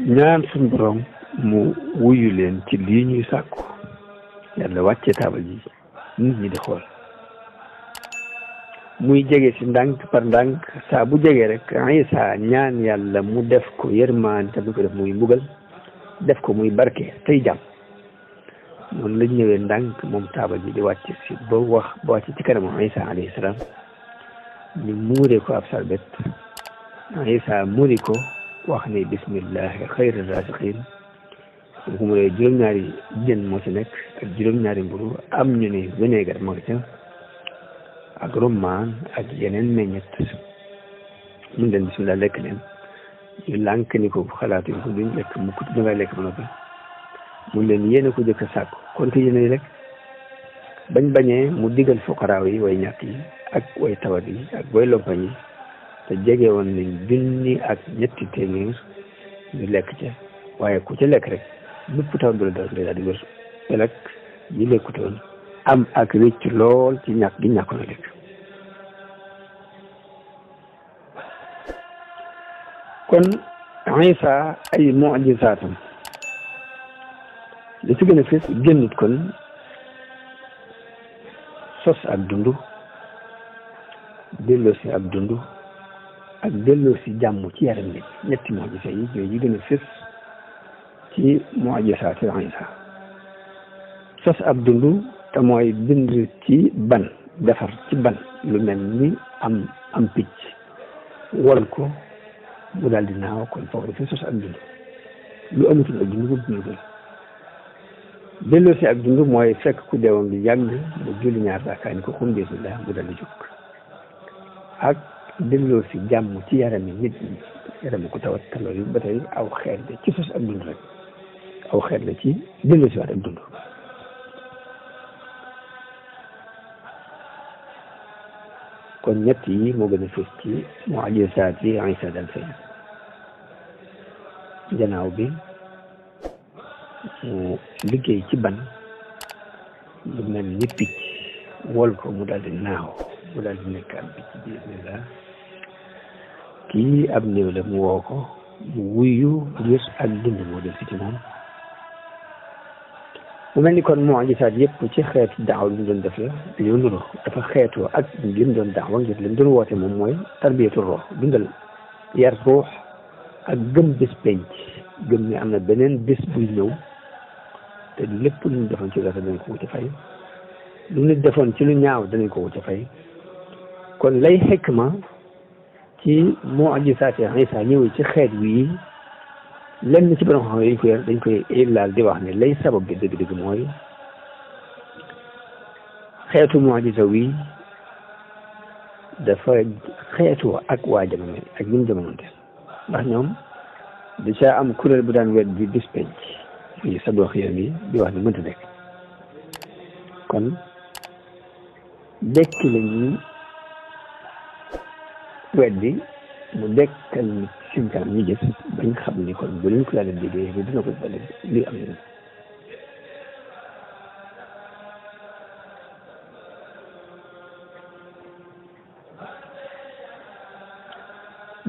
ñaan suñu borom mu wuyu leen ci lii ñuy sàkku yàlla wàcce taabal ji nit ñi di xool muy jege si ndànk par ndànk saa bu jege rek Isa ñaan yàlla mu def ko yërmaan te du ko def muy mbugal def ko muy barke tey jàmm noonu lañ ñëwee ndànk moom taabal ji di wàcc si ba wax ba wàcc ci kanamam Isa alayhi salaam ñu muuree ko wax ni bismillah khayr rasiqin ku mu ne juróom-ñaari jën moo ci nekk ak juróom-ñaari mburu am ñu ni vinaigre moo ca ak rummaan ak yeneen meññet mun leen bismillah lekk leen ñu lànk ni ko xalaatuñ ko duñ lekk mukk da ngay lekk ba ko mun leen yéen ko jëkk a sàkku kon te yéen a bañ bañee mu digal fuqaraaw yi way ñàkk yi ak way tawat yi ak way lompañ yi te jege woon nañ junni ak ñetti téeméer ñu lekk ca waaye ku ci lekk rek lépp taw bi la daal di wér te nag am ak rëcc lool ci ñàkk gi ñàkkoon a lekk kon Isa ay mujisaatam li ci gën a fës génnut kon sos ak dund delloosi ak dund ak delloo si jàmm ci yaram bi ñetti mujisa yi jooju gën a fës ci mujisaati Isa sos ab dund te mooy bind ci ban defar ci ban lu mel ni am am picc wol ko mu daal di naaw kon foofu dafa sos ab dund lu amatul ak dund ko dundal delloo si ak dund mooy fekk ku deewam bi yàgg mu julli ñaar raakaa ni ko xumbeetu la mu daal jóg ak dégloo si jàmm ci yaram yi nit ñi yaram ku tawat te loolu ba tey aw xeet la ci sos ak dund rek aw xeet la ci dégloo si waat ak dund kon ñett yi moo gën a fës ci mu'jizaat yi Iisaa daan feeñ janaaw bi mu liggéey ci ban lu mel ni picc wol ko mu dal di naaw mu daal di nekk am picc bi bismillah ki abni le mu woo ko mu wuyu ngir ak dund moo jël fi ci moom mu mel ni kon mujisaat yépp ci xeetu daaw li mu doon def la dañoo nuru dafa xeetoo ak li mu doon daawa ngir li mu doon woote moom mooy tarbiyatu ruux dundal yar ruux ak gëm bés penc gëm ni am na beneen bés buy ñëw te lépp lu ñu defoon ci rafet dañ ko wuti fay lu ñu defoon ci lu ñaaw danañ ko wuti fay kon lay xikma ci mujisaati Isa ñëwee ci xeet wi lenn ci borom xam ne dañ koy laal di wax ni lay sabab bi dëgg-dëgg mooy xeetu mujisa wi dafa xeetoo ak waa jamono ak ñun jamonoonte ndax ñoom da caa am kuréel bu daan wet di bis penc muy sadoo xiyam yi di wax ne mënta nekk kon dekki lañu weddi mu dekkal suñ kanam ñu jëf bañ xam ni kon bu leen ko yàlla déggee bi dina ko bële am na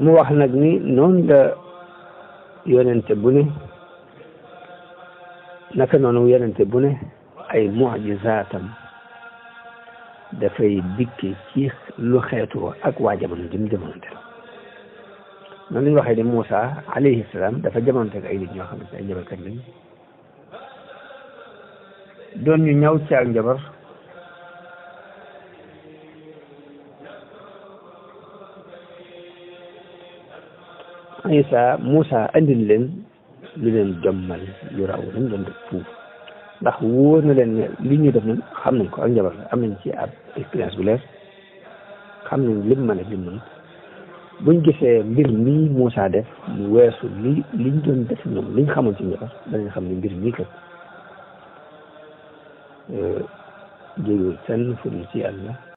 mu wax nag ni noonu la yonente bu ne naka noonu yonente bu ne ay mu'jizaatam dafay dikke ci lu xeetoo ak waa jamono jëm jamonte noonu lañu waxee ne Moussa salaam dafa jamonte ak ay nit ñoo xam ne ay njabarkat doon ñu ñaw ci ak njabar Isa Moussa andil leen lu leen jommal lu raw lañ doon def fuuf ndax woo na leen ne li ñuy def ñun xam nañ ko ak njabar la am nañ ci ab expérience bu leer xam nañ lim ma ak lim mën buñ gisee mbir mii Moussa def mu weesu li liñ doon def ñoom liñ xamoon ci njabar danañ xam ne mbir mii kat euh, jógewul fenn fu dul ci yàlla